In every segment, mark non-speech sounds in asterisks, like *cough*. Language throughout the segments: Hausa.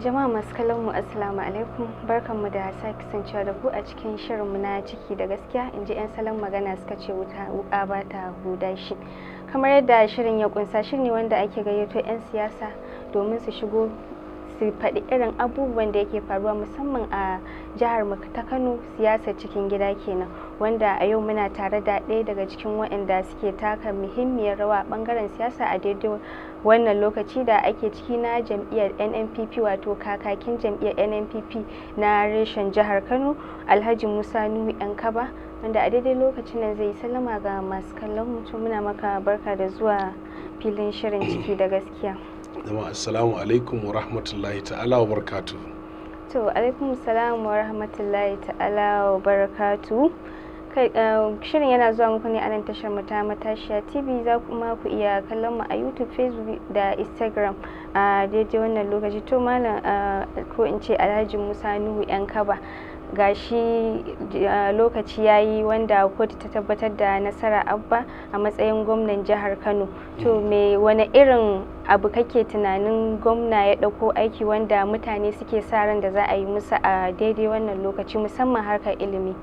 jama'a masu kallon mu assalamu alaikum barkanmu da sake kasancewa da ku a cikin shirinmu na ciki da gaskiya in ji 'yan salon magana suka ce wuta wuka ba ta huda shi kamar yadda shirin ya kunsa shi ne wanda ake gayyato 'yan siyasa domin su shigo su faɗi irin abubuwan da yake faruwa musamman a jihar mu ta Kano siyasar cikin gida kenan wanda a yau muna tare da ɗaya daga cikin waɗanda suke taka muhimmiyar rawa a ɓangaren siyasa a daidai wannan lokaci da ake ciki na jam'iyyar NNPP wato kakakin jam'iyyar NNPP na reshen jihar Kano Alhaji Musa Nuhu kaba wanda a daidai lokacin nan zai sallama ga masu kallon mutum muna maka barka da zuwa filin shirin ciki da gaskiya. jama'a assalamu alaikum wa rahmatullahi ta'ala wa barkatu to alaikum salam wa rahmatullahi ta'ala wa barakatu eh, shirin yana zuwa muku ne anan tashar mu ta matashiya tv za kuma ku iya kallon mu a youtube facebook da instagram a daidai wannan lokaci to malam eh, ko in ce alhaji musa nuhu yan kaba gashi eh, lokaci ya yi wanda kotu ta tabbatar da nasara abba a matsayin gwamnan jihar kano to mm. me wani irin abu kake tunanin gwamna ya ɗauko aiki wanda mutane suke sa ran da za a yi musu a daidai wannan lokaci musamman harkar ilimi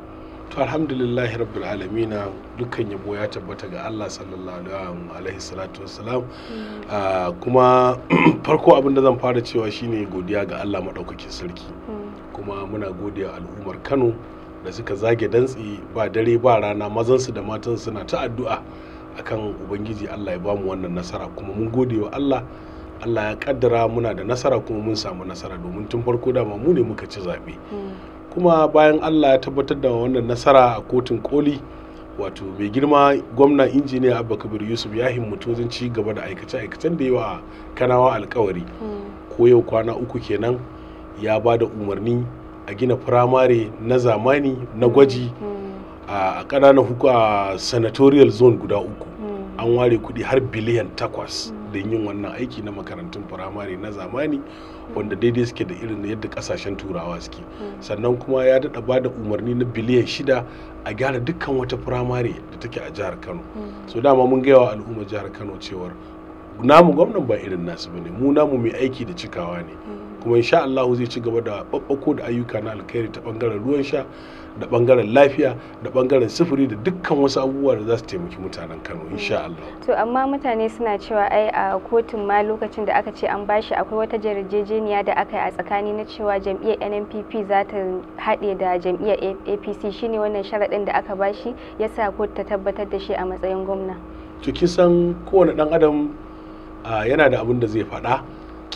to alhamdulillah rabbul alamin dukkan yabo ya tabbata ga Allah sallallahu alaihi salatu wassalam mm. ah, kuma *clears throat* farko abin da zan fara cewa shine godiya ga Allah madaukakin sarki mm. kuma muna gode al'ummar kano da suka zage dantsi ba dare ba rana mazansu da matan suna ta addu'a akan ubangiji allah ya bamu wannan nasara kuma mun gode wa allah allah ya kaddara muna da nasara kuma mun samu nasara domin tun farko dama mu ne muka ci zaɓe hmm. kuma bayan allah ya tabbatar da wannan nasara a kotun koli wato mai girma gwamna injiniya abba kabir yusuf ya himmatu ci gaba da aikace-aikacen da yawa kanawa alkawari hmm. ko yau kwana uku kenan ya ba da umarni a gina firamare na zamani na gwaji hmm. a ƙananan hukuma senatorial zone guda uku hmm. an ware kudi har biliyan takwas hmm. don yin wannan aiki na makarantun firamare na zamani wanda daidai suke da irin yadda kasashen turawa suke sannan kuma ya daɗa ba da umarni na biliyan shida a gyara dukkan wata firamare da take a jihar kano so dama mun gaya wa al'ummar jihar kano cewar namu gwamnan ba irin nasu ne mu namu mai aiki da cikawa ne kuma insha Allah zai ci gaba da babbako da ayyuka na alkhairi ta bangaren ruwan sha da bangaren lafiya da bangaren sufuri da dukkan wasu abubuwa da za su taimaki mutanen Kano insha Allah to amma mutane suna cewa ai a kotun ma lokacin da aka ce an bashi akwai wata jarjejeniya da aka yi a tsakani na cewa jam'iyyar NNPP za ta haɗe da jam'iyyar APC shine wannan sharaɗin da aka bashi yasa kotu ta tabbatar da shi a matsayin gwamna to kin san kowane dan adam yana da abin da zai faɗa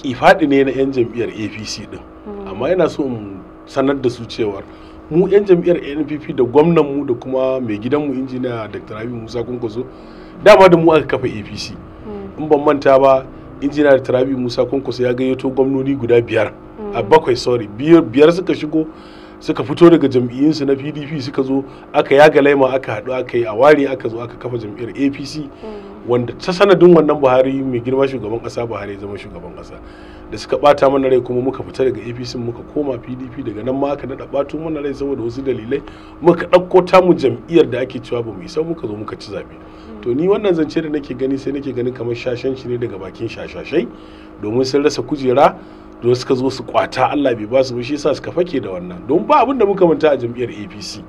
kifaɗi ne na 'yan jam'iyyar apc din hmm. amma yana so in sanar da su cewar mu 'yan jam'iyyar npp da gwamnan mu da kuma mai gidan mu injiniya dr rabi musa kwankwaso dama da mu aka kafa apc hmm. in ban manta ba injiniya dr rabi musa kwankwaso ya gayyato gwamnoni guda biyar a hmm. bakwai sorry biyar suka shigo suka fito daga jam'iyyinsu na pdp suka zo aka yaga laima aka haɗu aka yi a ware aka zo aka kafa jam'iyyar apc wanda ta sanadin wannan buhari mai girma shugaban kasa buhari zama shugaban kasa da suka bata mana rai kuma muka fita daga apc muka koma pdp daga nan ma aka daɗa ɓato mana rai saboda wasu dalilai muka ɗauko mu jam'iyyar da ake cewa ba mu isa muka zo muka ci zaɓe to ni wannan zance da nake gani sai nake ganin kamar shashanci ne daga bakin shashashai domin sun rasa kujera don suka zo su kwata Allah bai ba su ba shi yasa suka fake da wannan don ba abin da muka manta a jam'iyyar APC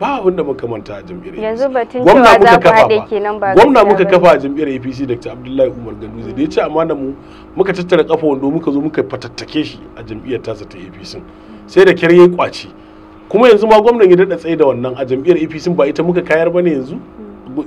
ba abin da muka manta a jam'iyyar APC yanzu batun cewa za ku haɗe kenan ba gwamna muka kafa a jam'iyyar APC Dr. Abdullahi Umar Ganduje da ya ce amana mu muka tattara kafa wando muka zo muka fatattake shi a jam'iyyar tasa ta APC sai da kyar yayi kwaci kuma yanzu ma gwamnan ya daɗa tsaye da wannan a jam'iyyar APC ba ita muka kayar bane yanzu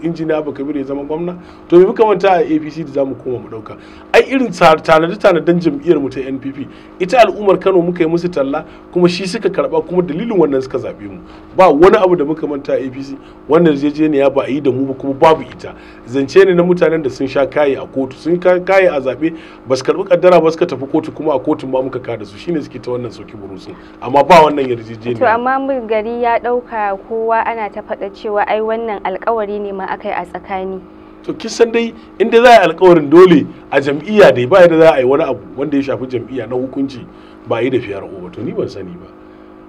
injiniya bi da ya zama gwamna to me muka manta a apc da zamu koma mu dauka ai irin tanadi tanadan jam'iyyar mu ta npp ita al'ummar kano muka yi musu talla kuma shi suka karba kuma dalilin wannan suka zabe mu ba wani abu da muka manta a apc wannan yarjejeniya ba a yi da mu ba kuma babu ita zance ne na mutanen da sun sha kaye a kotu sun kaye a zabe ba su karbi kaddara ba suka tafi kotu kuma a kotun ba muka kada su shine suke ta wannan soki burusun amma ba wannan yarjejeniya to amma gari ya dauka kowa ana ta faɗa cewa ai wannan alkawari ne ma aka a tsakani to kin san dai inda za a yi alkawarin dole a jam'iyya dai ba yadda za a yi wani abu wanda ya shafi jam'iyya na hukunci ba yi da fiyar ba to ni ban sani ba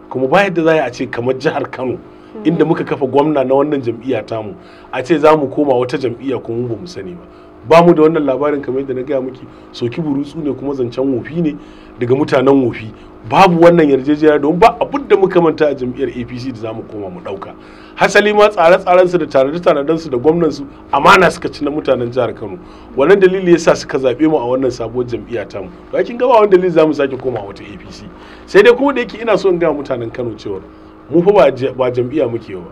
kuma ba yadda za a ce kamar jihar Kano hmm. inda muka kafa gwamna na wannan jam'iyya tamu a ce za mu koma wata jam'iyya kuma ba mu sani ba ba mu da wannan labarin kamar yadda na gaya miki soki burutsu ne kuma zancen wofi ne daga mutanen wofi babu wannan yarjejeniya don ba abin da muka manta a jam'iyyar apc da za mu koma mu ɗauka hasali ma tsare-tsarensu da da tanadensu da gwamnansu amana suka ci na mutanen jihar kano wannan dalili yasa suka zaɓe mu a wannan sabuwar jam'iyya mu to kin ga ba wani dalili mu sake koma wata apc sai dai kuma da yake ina so in ga mutanen kano cewa mu fa ba jam'iyya muke ba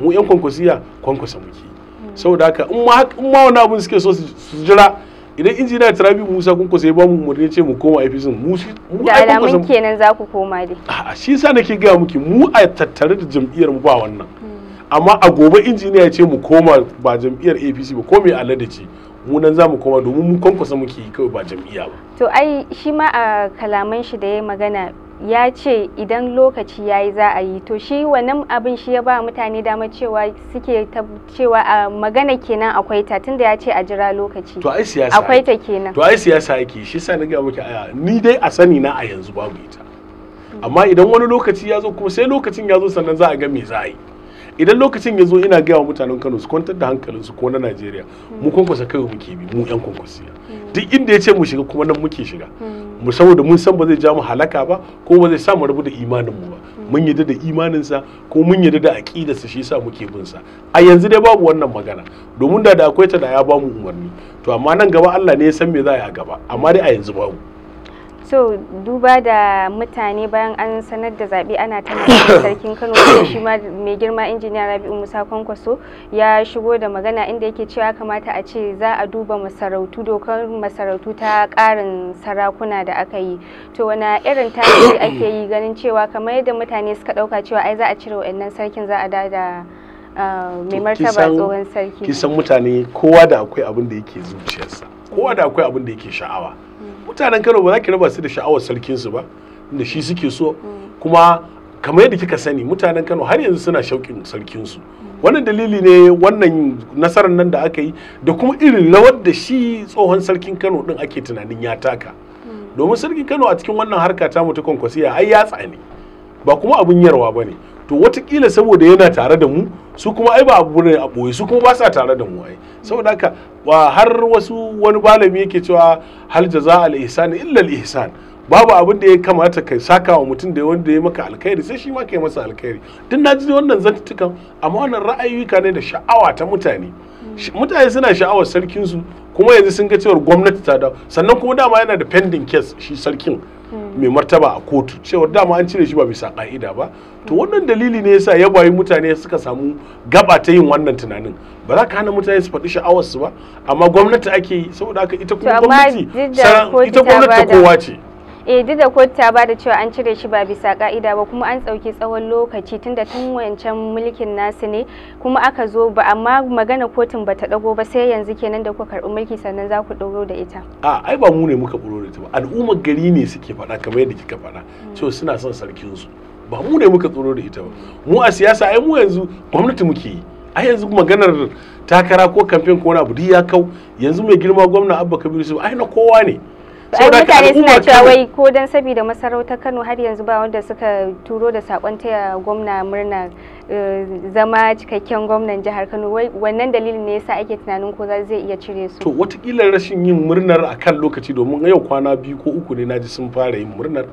mu yan kwankwasiya kwankwasa muke saboda haka in ma in ma wani abin suke so su jira idan injiniya tarabi musa kun kusa ya mu umarni ce mu koma APC mu shi mu da alamun kenan za ku koma dai a shi sa nake ga muke mu a tattare da jam'iyyar mu ba wannan hmm. amma a gobe injiniya ce mu koma ba jam'iyyar APC ba ko me alade ce mu nan za mu koma domin mu kwankwasa muke yi kawai ba jam'iyya ba to ai shi ma a kalaman shi da ya magana ya ce idan lokaci ya yi za a yi to shi wannan abin shi ya ba mutane dama cewa suke cewa a magana kenan akwai ta tunda ya ce a jira lokaci to ai siyasa akwai ta kenan to ai siyasa yake shi sa na ga miki ni dai a sani na a yanzu babu ita amma idan wani lokaci ya zo kuma sai lokacin ya zo sannan za a ga me za a yi idan lokacin ya zo ina gaya wa mutanen kano su kwantar da hankalinsu ko na najeriya mu hmm. kwankwasa kai muke bi mu yan kwankwasiya hmm. duk inda ya ce mu shiga kuma nan muke shiga hmm. mu saboda mun san ba zai ja mu halaka ba ko ba zai sa mu rabu da imanin mu ba hmm. mun yadda da imanin sa ko mun yadda da sa shi yasa muke bin sa a yanzu dai babu wannan magana domin da da akwai ta da ya ba mu umarni to amma nan gaba Allah ne ya san me za a yi a gaba amma dai a yanzu babu to duba da mutane bayan an sanar da zaɓe ana ta *coughs* sarkin kano shi ma mai girma injiniya rabi'u musa kwankwaso ya shigo da magana inda yake cewa kamata a ce za a duba masarautu dokar masarautu ta ƙarin sarakuna da aka yi to wani irin tasiri *coughs* ake yi ganin cewa kamar yadda mutane suka ɗauka cewa ai za a cire wa'annan sarkin za a da ah, mai martaba tsohon sarki kisan mutane kowa da akwai abin da yake zuciyarsa kowa da akwai abin da yake sha'awa mutanen Kano ba za ki raba su da sha'awar sarkin su ba da shi suke so kuma kamar yadda kika sani mutanen Kano har yanzu suna shauƙin sarkin su wannan dalili ne wannan nasarar nan da aka yi da kuma irin lawar da shi tsohon sarkin Kano din ake tunanin ya taka domin sarkin Kano a cikin wannan harka ta mutu kwankwasiya ai ya tsani ba kuma abun yarwa bane to watakila saboda yana tare da mu su kuma ai ba abu ne a boye su kuma ba sa tare da mu ai saboda haka ba har wasu wani malami yake cewa hal jaza al ihsan illa al ihsan babu abin da ya kamata ka saka wa mutum da wanda ya maka alkhairi sai shi ma ka yi masa alkhairi duk na ji wannan zantukan amma wannan ra'ayoyika ne da sha'awa ta mutane mutane suna sha'awar sarkinsu kuma yanzu sun ga cewar gwamnati ta dawo sannan kuma dama yana da pending case shi sarkin mai martaba a kotu cewa dama an cire shi ba bisa ka'ida ba to wannan dalili ne yasa bayi mutane suka samu gaba ta yin wannan tunanin ba za ka hana mutane su faɗi sha'awarsu ba amma gwamnati ake yi saboda haka ita kuma gwamnati ita gwamnati kowa ce eh duk da kotu ta bada cewa an cire shi ba bisa ka'ida ba kuma an tsauki tsawon lokaci tunda tun wancan mulkin nasu ne kuma aka zo ba amma magana kotun ba ta dago ba sai yanzu kenan da kuka karɓi mulki sannan za ku dauro da ita a ai ba mu ne muka buro da ita ba al'ummar gari ne suke faɗa kamar yadda kika faɗa hmm. cewa suna son sarkin su ba mu ne muka tsoro da ita ba mu a siyasa ai mu yanzu gwamnati muke yi ai yanzu maganar takara ko kamfen ko wani abu duk ya kau yanzu mai girma gwamna abba kabiru su ai na kowa ne ai mutane suna cewa wai ko dan saboda masarautar Kano har yanzu ba wanda suka turo da sakon taya gwamna murna eh, zama cikakken gwamnan jihar Kano wai wannan dalilin ne yasa ake tunanin ko za zai iya cire su to watakila rashin yin murnar akan lokaci domin yau kwana biyu ko uku ne naji sun fara yin murnar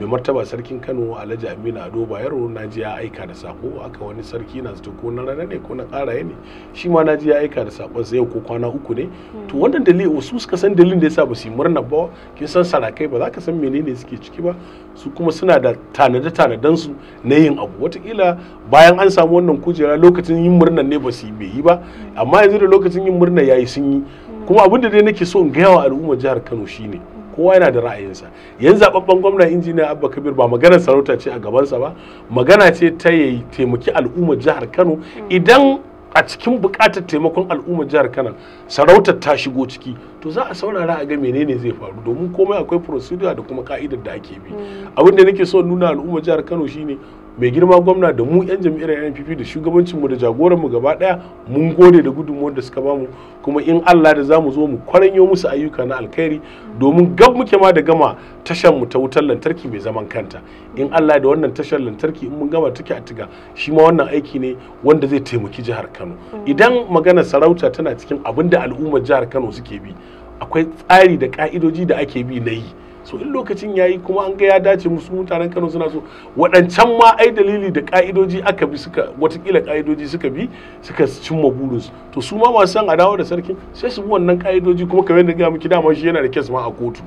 mai martaba sarkin kano alhaji aminu ado bayero na ji ya aika da sako aka wani sarki na zato ko na rana ne ko na kara ne shi ma na ji ya aika da sakon sai ko kwana uku ne to hmm. wannan dalilin wasu suka san dalilin da yasa ba su yi murna ba kin san sarakai ba za ka san menene suke ciki ba su kuma suna da tanade tanadan su na yin abu watakila bayan an samu wannan kujera lokacin yin murnan ne ba su yi bai yi ba hmm. amma yanzu da lokacin yin murna yayi sun yi hmm. kuma abin da dai nake so in gaya wa al'ummar jihar Kano shine kowa yana da ra'ayinsa yanzu zababben gwamna injiniya abba kabir ba magana sarauta ce a gabansa ba magana ce ta yi taimaki al'ummar jihar kano hmm. idan a cikin buƙatar taimakon al'ummar jihar kano sarauta ta shigo ciki to za a saurara a ga menene zai faru domin komai akwai procedure da kuma ka'idar da ake bi hmm. abin da nake so nuna al'ummar jihar kano shine mai girma gwamna da mu 'yan jam'iyyar npp da shugabancinmu da jagoranmu gaba daya mun gode da gudunmuwar da suka bamu kuma in allah da zamu zo mu kwaranyo musu ayyuka na alkhairi domin gab muke ma da gama tashar mu ta wutar lantarki mai zaman kanta in allah da wannan tashar lantarki in mun gama take a tuga shi ma wannan aiki ne wanda zai taimaki jihar kano idan magana sarauta tana cikin abin da al'ummar jihar kano suke bi akwai tsari da ka'idoji da ake bi na yi so in lokacin yayi kuma an ga ya dace musu mutanen Kano suna so waɗancan ma ai dalili da ka'idoji aka bi suka watakila ka'idoji suka bi suka cimma burinsu to su ma masu san adawa da sarkin sai su bi wannan ka'idoji kuma kamar yadda ga miki dama shi yana da kes ma a kotu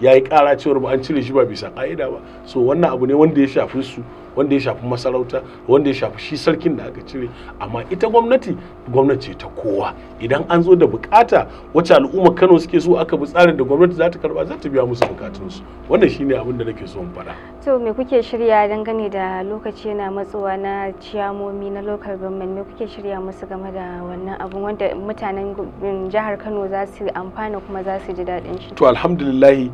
yayi yi cewar ba an cire shi ba bisa ka'ida ba so wannan abu ne wanda ya shafi su wanda ya shafi masarauta wanda ya shafi shi sarkin da aka cire amma ita gwamnati gwamnati ta kowa idan an zo da bukata wacce al'umma Kano suke so aka bi tsarin da gwamnati za ta karba za ta biya musu bukatunsu wannan shine abin da nake so in faɗa to me kuke shirya dangane da lokaci yana matsuwa na ciyamomi na local government me kuke shirya musu game da wannan abun wanda mutanen jihar Kano za su amfana kuma za su ji daɗin shi to alhamdulillah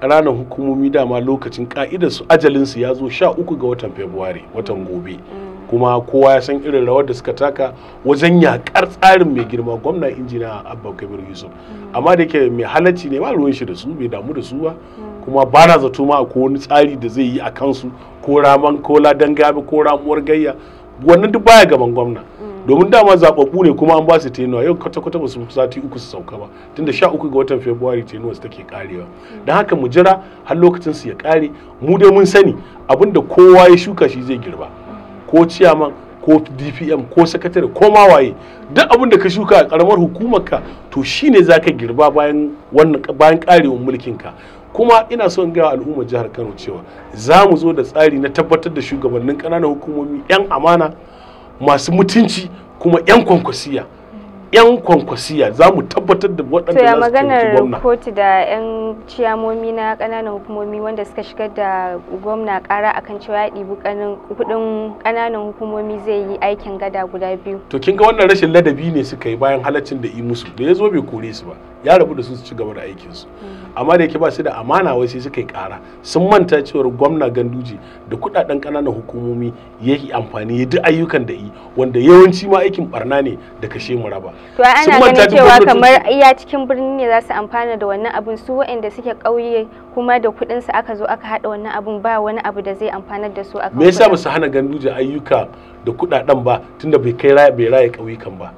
ƙananan hukumomi dama lokacin ka'idar su ajalinsu ya zo sha uku ga watan february watan gobe mm. kuma kowa ya san irin rawar da suka taka wajen yaƙar tsarin mai girma gwamna injina abba kabir yusuf mm. amma da yake mai halacci ne ba ruwan shi da su bai damu da su ba mm. kuma ba na zato ma ko wani tsari da zai yi a kansu ko raman ko ladan gabi ko ramuwar gayya wannan duk baya gaban gwamna domin dama zababbu ne kuma an ba su tenuwa yau kwata kwata ba su sati uku su sauka ba tun da sha uku ga watan february tenuwa su take karewa don haka mu jira har lokacin su ya kare mu dai mun sani abinda kowa ya shuka shi zai girba ko ciyaman ko dpm ko sakatare ko ma waye duk abin da ka shuka a karamar hukumar ka to shine za ka girba bayan wannan bayan karewar ka kuma ina son gaya al'ummar jihar kano cewa za mu zo da tsari na tabbatar da shugabannin ƙananan hukumomi 'yan amana masu mutunci kuma 'yan kwankwasiya 'yan kwankwasiya za mu tabbatar da waɗanda za su maganar kotu da 'yan ciyamomi na ƙananan hukumomi wanda suka shigar da gwamna ƙara kan cewa ya ɗibi kuɗin ƙananan hukumomi zai yi aikin gada guda biyu. To kin ga wannan rashin ladabi ne suka yi bayan halaccin da yi musu da ya zo bai kore su ba ya rabu da su su ci gaba da aikin su. Hmm. Amma da yake ba su da amana wai sai suka yi ƙara sun manta cewar gwamna ganduji da kuɗaɗen ƙananan hukumomi ya yi amfani ya duk ayyukan da yi wanda yawanci ma aikin barna ne da kashe mu raba. to ana ganin cewa kamar iya cikin birni ne za su amfana da wannan abun su waɗanda suke ƙauye kuma da kuɗin su aka zo aka haɗa wannan abun ba wani abu da zai amfanar da su aka me yasa ba su hana ganduje ayyuka da kuɗaɗen ba tunda bai kai bai raye ƙauyukan ba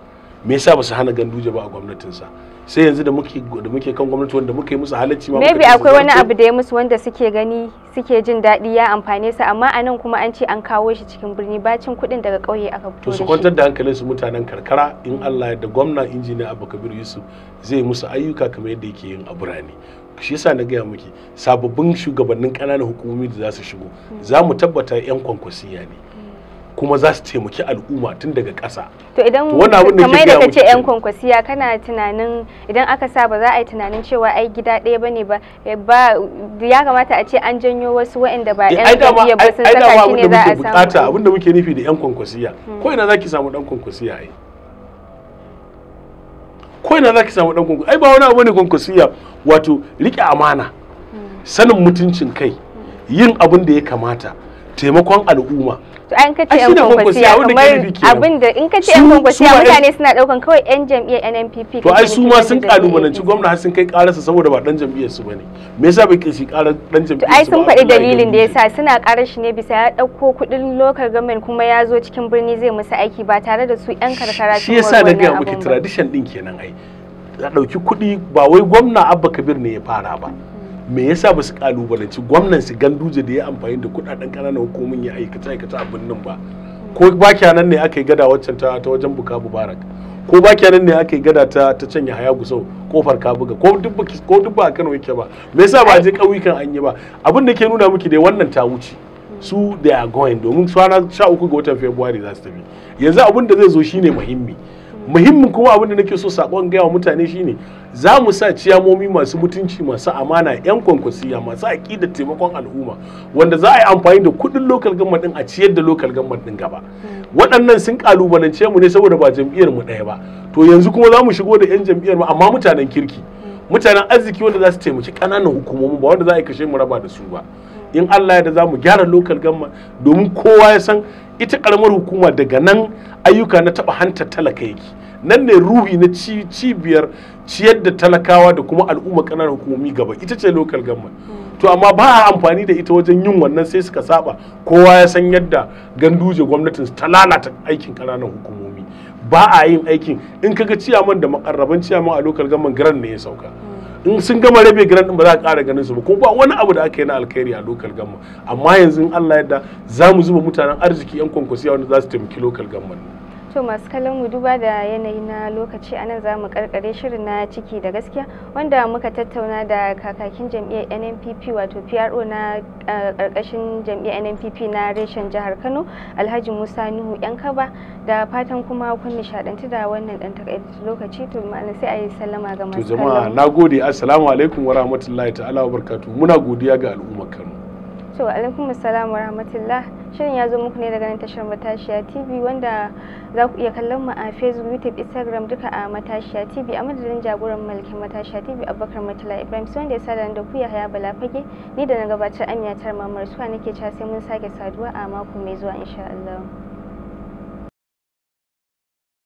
me yasa ba su hana ganduje ba a gwamnatinsa sai yanzu da muke da muke kan gwamnati wanda muke musu halacci ma maybe akwai wani abu da ya musu wanda suke gani suke jin daɗi ya amfane su amma anan kuma an ce an kawo shi cikin birni bacin kuɗin daga kauye aka fito da shi su kwantar da hankalin su mutanen karkara in Allah ya da gwamna injiniya Abu Kabir Yusuf zai musu ayyuka kamar yadda yake yin a birane shi yasa na gaya miki sababbin shugabannin kananan hukumomi da za su shigo hmm. za mu tabbata 'yan kwankwasiya ne kuma za su taimaki al'umma tun daga ƙasa. To idan kamar da kace ƴan kwankwasiya kana tunanin idan aka sa ba za a yi tunanin cewa ai gida ɗaya bane ba eh, ba ya kamata a ce an janyo wasu waɗanda ba eh, ƴan kwankwasiya ba sun saka shi ne za a samu. Bukata abinda muke nufi da ƴan kwankwasiya hmm. ko ina zaki samu ɗan kwankwasiya ai. Ko ina zaki samu ɗan kwankwasiya ai ba wani abu ne kwankwasiya wato rike amana hmm. sanin mutuncin kai hmm. yin abin da ya kamata taimakon al'umma to an kace yan kwankwasiya kamar abinda in kace yan kwankwasiya mutane suna daukan kawai yan jam'iyyar NNPP to ai su ma sun kalubalanci gwamna har sun kai karasa saboda ba dan jam'iyyar su bane me yasa bai shi karar dan jam'iyyar su ba ai sun faɗi dalilin da yasa suna karar shi ne bisa ya dauko kuɗin local government kuma ya zo cikin birni zai musu aiki ba tare da su yan karkara sun shi yasa na ga muke tradition din kenan ai a dauki kuɗi ba wai gwamna Abba Kabir ne ya fara ba me yasa ba su kalubalanci gwamnan su ganduje da ya amfani da kudaden kananan hukumomin ya aikata aikata abin nan ba ko ba nan ne aka yi gada waccan ta ta wajen buka mubarak ko ba nan ne aka yi gada ta ta canya haya gusau kofar buga ko duk ko duk ba Kano yake ba me yasa ba a je kauyukan an yi ba abin da ke nuna miki dai wannan ta wuce su da are going domin su sha uku ga watan February za su tafi yanzu abin da zai zo shine muhimmi muhimmin kuma abin da nake so sakon gaya wa mutane shine za mu sa ciyamomi masu mutunci masu amana yan kwankwasiya masu aƙida taimakon al'umma wanda za a yi amfani da kuɗin lokal government din a ciyar da local government din gaba waɗannan sun kalubalance mu ne saboda ba jam'iyyar mu ɗaya ba to yanzu kuma za mu shigo da yan jam'iyyar mu amma mutanen kirki mutanen arziki wanda za su taimaki ƙananan hukumomi ba wanda za a kashe mu raba da su ba in Allah ya da za mu gyara lokal gama domin kowa ya san ita karamar hukuma daga nan ayyuka na taɓa hantar talaka yake nan ne ruhi na cibiyar ciyar da talakawa da kuma al'umma ƙananan hukumomi gaba ita ce lokal gamma to amma ba a amfani da ita wajen yin wannan sai suka saba kowa ya san yadda ganduje gwamnatin ta lalata aikin ƙananan hukumomi ba a yin aikin in kaga ciyaman da makarraban ciyaman a lokal gamman garan ne ya sauka in sun gama rabe gran din ba za a ƙara ganin su ba ko ba wani abu da aka yi na alkhairi a lokal gamma amma yanzu in Allah yadda za mu zuba mutanen arziki yan kwankwasiya wanda za su taimaki lokal gamman to masu kallon mu duba da yanayi na lokaci a nan za mu karkare shirin na ciki da gaskiya wanda muka tattauna da kakakin jam'iyyar nnpp wato pro na karkashin jam'iyyar nnpp na reshen jihar kano alhaji musa nuhu yan kaba da fatan kuma kun nishadanta da wannan dan takaitaccen lokaci to ma'ana sai a yi sallama ga masu kallon to jama'a nagode assalamu alaikum wa rahmatullahi ta'ala wa barakatuh muna godiya ga al'ummar kano To alaikum assalam wa rahmatullah. Shirin ya zo muku ne daga nan tashar Matashiya TV wanda za ku iya kallon mu a Facebook, YouTube, Instagram duka a Matashiya TV a madadin jagoran mulkin Matashiya TV a bakar Matala Ibrahim su wanda ya sada da ku ya haya bala fage ni da na gabatar Amina Tarmamar suwa nake cewa sai mun sake saduwa a mako mai zuwa insha Allah.